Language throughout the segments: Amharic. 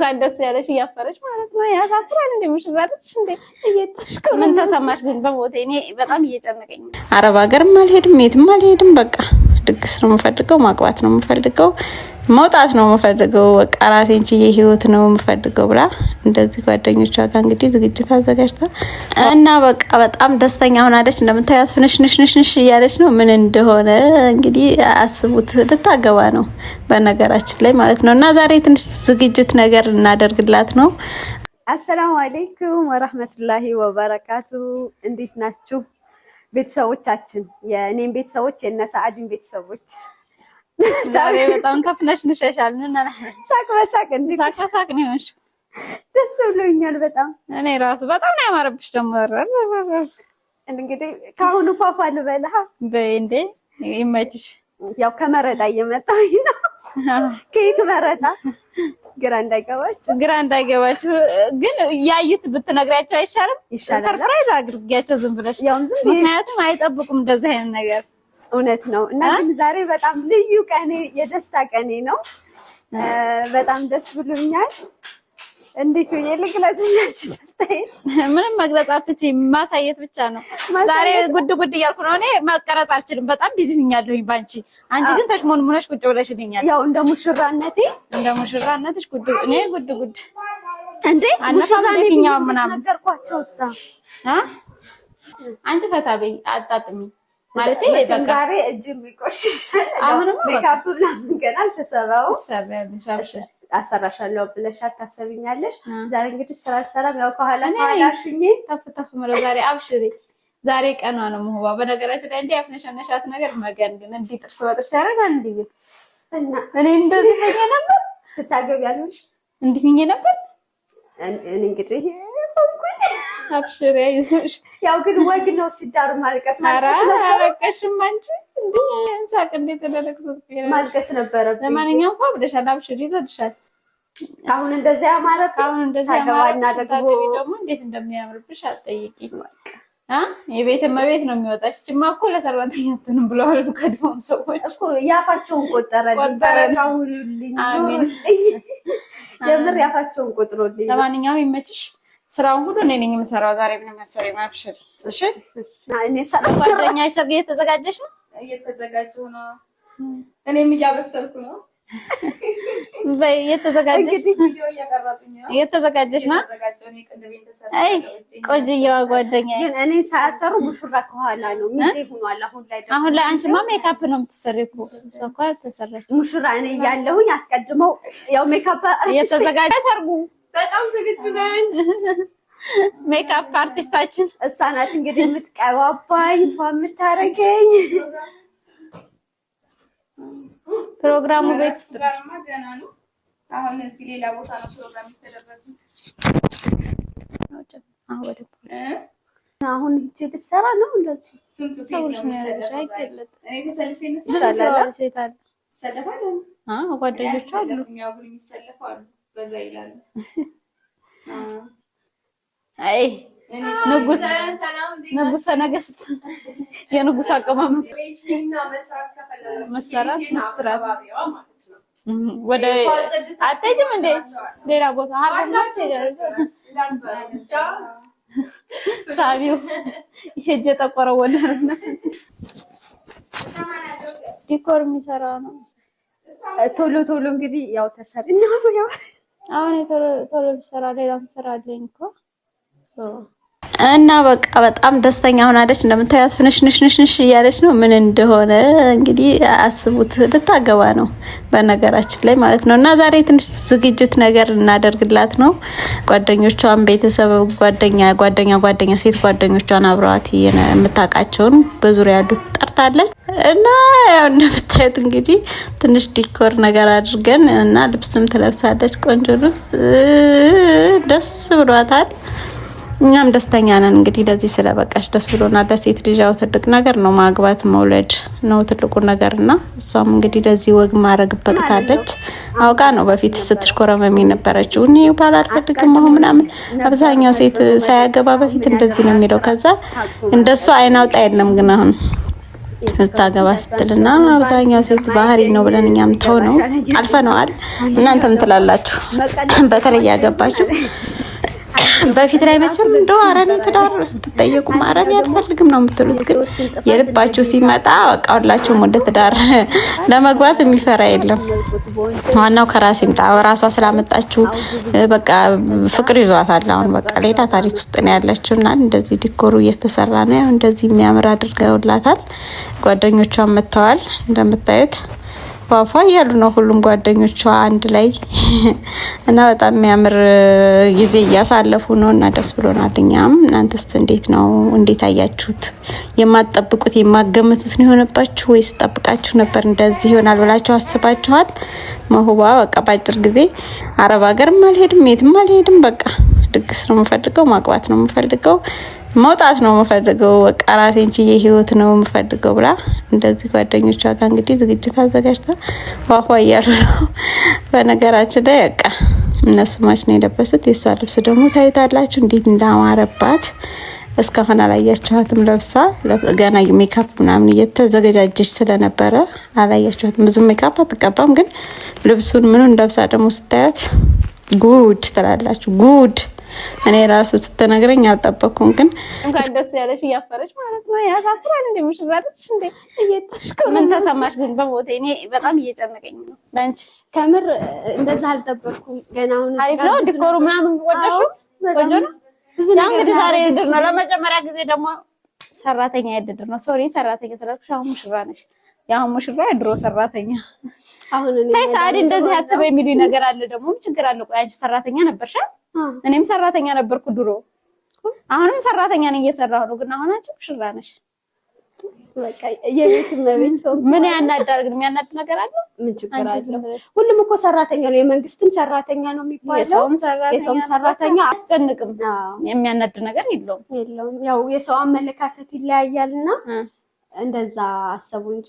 እንኳን ደስ ያለሽ እያፈረሽ ማለት ነው። ያሳፍራል። እንደ ሙሽራለች እንዴ? እየተሽከሩ ምን ተሰማሽ ግን? በሞቴ እኔ በጣም እየጨነቀኝ። አረብ ሀገርም አልሄድም፣ የትም አልሄድም። በቃ ድግስ ነው የምፈልገው፣ ማግባት ነው የምፈልገው። መውጣት ነው የምፈልገው። በቃ ራሴን ችዬ ህይወት ነው የምፈልገው ብላ እንደዚህ ጓደኞቿ ጋር እንግዲህ ዝግጅት አዘጋጅታ እና በቃ በጣም ደስተኛ ሆናለች። እንደምታያት ፍንሽንሽንሽንሽ እያለች ነው። ምን እንደሆነ እንግዲህ አስቡት። ልታገባ ነው በነገራችን ላይ ማለት ነው። እና ዛሬ ትንሽ ዝግጅት ነገር እናደርግላት ነው። አሰላሙ አሌይኩም ወረህመቱላሂ ወበረካቱ። እንዴት ናችሁ ቤተሰቦቻችን? የእኔም ቤተሰቦች የነ ሰአድን ቤተሰቦች ዛሬ በጣም ከፍነሽ ንሸሻል። ሳቅ በሳቅ ሳቅ በሳቅ ነው የሆንሽው። ደስ ብሎኛል በጣም እኔ ራሱ በጣም ነው ያማረብሽ። ደግሞ እንግዲህ ከአሁኑ ፏፏ ልበላ በይ እንዴ ይመችሽ። ያው ከመረጣ እየመጣ ነው። ከየት መረጣ? ግራ እንዳይገባችሁ ግራ እንዳይገባችሁ። ግን ያዩት ብትነግሪያቸው አይሻልም? ሰርፕራይዝ አድርጊያቸው ዝም ብለሽ። ምክንያቱም አይጠብቁም እንደዚህ አይነት ነገር እውነት ነው እና ግን ዛሬ በጣም ልዩ ቀኔ የደስታ ቀኔ ነው። በጣም ደስ ብሎኛል። እንዴት ነው ልግለጽላችሁ? ደስታዬ ምንም መግለጽ አትችይም፣ ማሳየት ብቻ ነው። ዛሬ ጉድ ጉድ እያልኩ ነው እኔ። መቀረጽ አልችልም፣ በጣም ቢዚ ሆኛለሁኝ ባንቺ። አንቺ ግን ተሽሞንሙነሽ ቁጭ ብለሽልኛል። ያው እንደ ሙሽራነቴ እንደ ሙሽራነትሽ ጉድ እኔ ጉድ ጉድ እንዴ አናፋኛው ምናምን ነገርኳቸው። እሳ አንቺ ፈታ በይ አጣጥሚ ማለት ዛሬ እጅ የሚቆሽሻል። አሁንም ሜካፕ ምናምን ገና አልተሰራውም። አሰራሻለሁ ብለሻት ታሰብኛለሽ። ዛሬ እንግዲህ ስራ አልሰራም። ያው ከኋላ ተፍተፍ ምለ ዛሬ አብሽሪ። ዛሬ ቀኗ ነው መሆባ። በነገራችን ላይ እንዲህ ያፍነሸነሻት ነገር መገን ግን እንዲህ ጥርስ በጥርስ ያደርጋል። እንዲ እኔ እንደዚህ ሆኜ ነበር ስታገቢ ያለሽ እንዲህ ሆኜ ነበር እንግዲህ ሆንኩኝ አብሽር ይዘሽ። ያው ግን ወግ ነው ሲዳር ማልቀስ አለቀሽም አንቺ እንደ እንሳቅ እንዴት ተደረግኩት ማልቀስ ነበረብኝ። ለማንኛውም እንኳ ብለሻል፣ አብሽር ይዘድሻል። አሁን እንደዚያ ያማረ አሁን እንደዚያ ያማረና ደግሞ እንዴት እንደሚያምርብሽ አትጠይቂ። የቤት እመቤት ነው የሚወጣች። ጭማ እኮ ለሰራተኛ አትሆንም ብለዋል ከድሞም ሰዎች ያፋቸውን ቆጠረልኝ። በረካውሉልኝ የምር ያፋቸውን ቆጥሮልኝ። ለማንኛውም ይመችሽ። ስራውን ሁሉ እኔ ነኝ የምሰራው። ዛሬ ምን መሰሪ ማብሽር። እሺ ጓደኛሽ ሰርግ እየተዘጋጀሽ ነው? እየተዘጋጀሁ ነው። እኔም እያበሰልኩ ነው። በይ እየተዘጋጀሽ እየተዘጋጀሽ ነው። አይ ቆንጅዬዋ ጓደኛዬ፣ ግን እኔ ሳያሰሩ ሙሽራ ከኋላ ነው። ምን ሆኗል አሁን ላይ? አሁን ላይ አንቺማ ሜካፕ ነው የምትሰሪው እኮ ሰው እኮ ሙሽራ እኔ እያለሁኝ አስቀድመው ያው ሜካፕ እየተዘጋጀ ሰርጉ በጣም ዝግጁ ነኝ። ሜካፕ አርቲስታችን እሷ ናት እንግዲህ የምትቀባባኝ የምታረገኝ። ፕሮግራሙ ቤት ውስጥ ነው። አሁን እዚህ ሌላ ቦታ ነው ፕሮግራም የተደረገው። አሁን ሂጅ ልትሰራ ነው እንደዚህ ሰዎች ነው በዛ ይላሉ። አይ ንጉስ ንጉሰ ነገስት የንጉስ አቀማመጥ መሰራት መስራት ወደ አትሄጂም እንዴ? ሌላ ቦታ ሳቢው የእጀ ጠቆረ ወለርና ዲኮር የሚሰራ ነው። ቶሎ ቶሎ እንግዲህ ያው ተሰር አሁን ቶሎ ብሰራ ሌላም ስራ አለኝ እኮ እና በቃ በጣም ደስተኛ ሆናለች። እንደምታያት ፍንሽንሽንሽንሽ እያለች ነው። ምን እንደሆነ እንግዲህ አስቡት። ልታገባ ነው በነገራችን ላይ ማለት ነው። እና ዛሬ ትንሽ ዝግጅት ነገር እናደርግላት ነው። ጓደኞቿን፣ ቤተሰብ፣ ጓደኛ ጓደኛ ጓደኛ ሴት ጓደኞቿን አብረዋት የምታውቃቸውን በዙሪያ ያሉት ጠርታለች። እና ያው እንደምታዩት እንግዲህ ትንሽ ዲኮር ነገር አድርገን እና ልብስም ትለብሳለች። ቆንጆ ልብስ ደስ ብሏታል። እኛም ደስተኛ ነን። እንግዲህ ለዚህ ስለበቃሽ ደስ ብሎና ለሴት ልጅ ያው ትልቅ ነገር ነው ማግባት መውለድ ነው ትልቁ ነገር እና እሷም እንግዲህ ለዚህ ወግ ማድረግ በቅታለች። አውቃ ነው በፊት ስትሽኮረመም የነበረችው እኔ ባል አልፈልግም አሁን ምናምን። አብዛኛው ሴት ሳያገባ በፊት እንደዚህ ነው የሚለው። ከዛ እንደሷ አይን አውጣ የለም ግን አሁን ስትል ስትልና አብዛኛው ሴት ባህሪ ነው ብለን እኛም ተው ነው አልፈነዋል። እናንተም ትላላችሁ በተለይ ያገባችሁ በፊት ላይ መቼም እንደ አረኔ ትዳር ስትጠየቁም አረኔ አልፈልግም ነው የምትሉት። ግን የልባችሁ ሲመጣ በቃ ሁላችሁም ወደ ትዳር ለመግባት የሚፈራ የለም። ዋናው ከራስ ይምጣ። ራሷ ስላመጣችሁ በቃ ፍቅር ይዟታል። አሁን በቃ ሌላ ታሪክ ውስጥ ነው ያለችው እና እንደዚህ ዲኮሩ እየተሰራ ነው። ያው እንደዚህ የሚያምር አድርገውላታል። ጓደኞቿን መጥተዋል እንደምታዩት ፏፏ እያሉ ነው ሁሉም ጓደኞቿ አንድ ላይ እና በጣም የሚያምር ጊዜ እያሳለፉ ነው እና ደስ ብሎናል። እኛም እናንተስ እንዴት ነው? እንዴት አያችሁት? የማትጠብቁት የማገምቱት ነው የሆነባችሁ ወይስ ጠብቃችሁ ነበር እንደዚህ ይሆናል ብላችሁ አስባችኋል? መሁባ በቃ በአጭር ጊዜ አረብ ሀገርም አልሄድም የትም አልሄድም በቃ ድግስ ነው የምፈልገው፣ ማግባት ነው የምፈልገው መውጣት ነው የምፈልገው፣ በቃ ራሴን ችዬ ህይወት ነው የምፈልገው ብላ እንደዚህ ጓደኞቿ ጋር እንግዲህ ዝግጅት አዘጋጅታ ዋፏ እያሉ ነው። በነገራችን ላይ በቃ እነሱ ማች ነው የለበሱት። የእሷ ልብስ ደግሞ ታይታላችሁ እንዴት እንዳማረባት። እስካሁን አላያችኋትም ለብሳ፣ ገና ሜካፕ ምናምን እየተዘገጃጀች ስለነበረ አላያችኋትም። ብዙ ሜካፕ አትቀባም፣ ግን ልብሱን ምኑን ለብሳ ደግሞ ስታያት ጉድ ትላላችሁ ጉድ እኔ ራሱ ስትነግረኝ አልጠበኩም። ግን እንኳን ደስ ያለሽ እያፈረሽ ማለት ነው። ያሳፍራል። እንደ ሙሽራለች እንደ ምን ተሰማሽ ግን? በቦታ እኔ በጣም እየጨነቀኝ ነው። ለአንቺ ከምር እንደዛ አልጠበኩም። ገና አሁን አሪፍ ነው ዲኮሩ ምናምን ወደሹ ቆንጆ ነው። እንግዲህ ዛሬ ድር ነው ለመጀመሪያ ጊዜ ደግሞ ሰራተኛ ያድድር ነው። ሶሪ ሰራተኛ ስላልኩሽ አሁን ሙሽራ ነሽ። የአሁን ሙሽራ የድሮ ሰራተኛ ታይ ሰዓድ እንደዚህ አትበይ የሚሉኝ ነገር አለ። ደግሞ ችግር አለ። ቆይ አንቺ ሰራተኛ ነበርሻ? እኔም ሰራተኛ ነበርኩ ድሮ፣ አሁንም ሰራተኛ ነኝ፣ እየሰራሁ ነው። ግን አሁን አንቺ ሙሽራ ነሽ። ምን ያናዳል? ግን የሚያናድ ነገር አለ? ምን ችግር አለው? ሁሉም እኮ ሰራተኛ ነው። የመንግስትም ሰራተኛ ነው የሚባለው፣ የሰውም ሰራተኛ አስጨንቅም። የሚያናድ ነገር የለውም። ያው የሰው አመለካከት ይለያያል እና እንደዛ አሰቡ እንጂ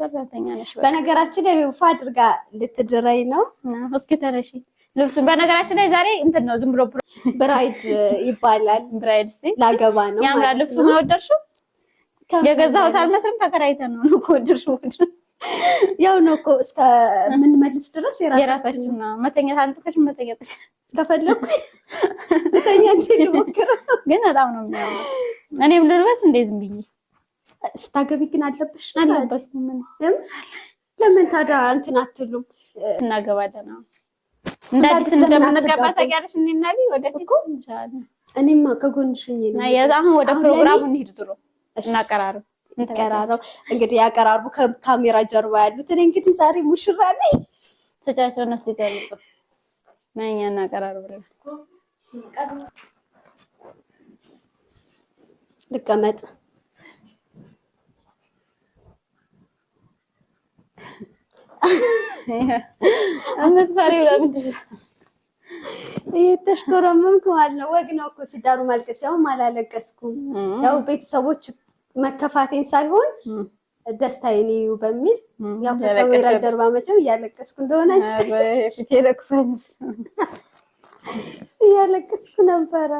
ሰራተኛ ነሽ። በነገራችን ላይ ውፋ አድርጋ ልትድረኝ ነው። እስኪ ተነሺ። ልብሱ በነገራችን ላይ ዛሬ እንትን ነው፣ ዝም ብሎ ብራይድ ይባላል። ብራይድ እስኪ ላገባ ነው። ያምራ ልብሱ። ማወደርሹ ወደድሽው? የገዛሁት አልመስልም። ተከራይተን ነው ነው ከወደድሽው ያው ነው እኮ እስከ እስከምንመልስ ድረስ የራሳችን ነው። መተኛት አንጥቅሽ መተኛት ከፈለኩ ልተኛ እንጂ ልሞክረው፣ ግን በጣም ነው የሚያምር። እኔም ልልበስ እንዴ ዝም ብዬ ስታገቢ ግን አለብሽ። ለምን ታዲያ እንትን አትሉም? እናገባለን እንደ አዲስ እንደምንገባ ታውቂያለሽ። እኔናሊ ወደፊት እኔማ ከጎንሽ አሁን ወደ ፕሮግራሙ እንሂድ። ዝሮ እናቀራርብ እንቀራረው እንግዲህ ያቀራርቡ ከካሜራ ጀርባ ያሉት እኔ እንግዲህ ዛሬ ሙሽራ ነኝ ስጫቸው እነሱ ይገልጹ ነኛ እናቀራርብ ልቀመጥ የምትፈሪው ለምንድን ነው? እየተሽኮረመምክ ማለት ነው። ወግ ነው እኮ ሲዳሩ ማልቀስ። ያው አላለቀስኩም፣ ያው ቤተሰቦች መከፋቴን ሳይሆን ደስታዬን ይዩ በሚል ያው ከካሜራ ጀርባ መቼም እያለቀስኩ እንደሆነ እያለቀስኩ ነበረ።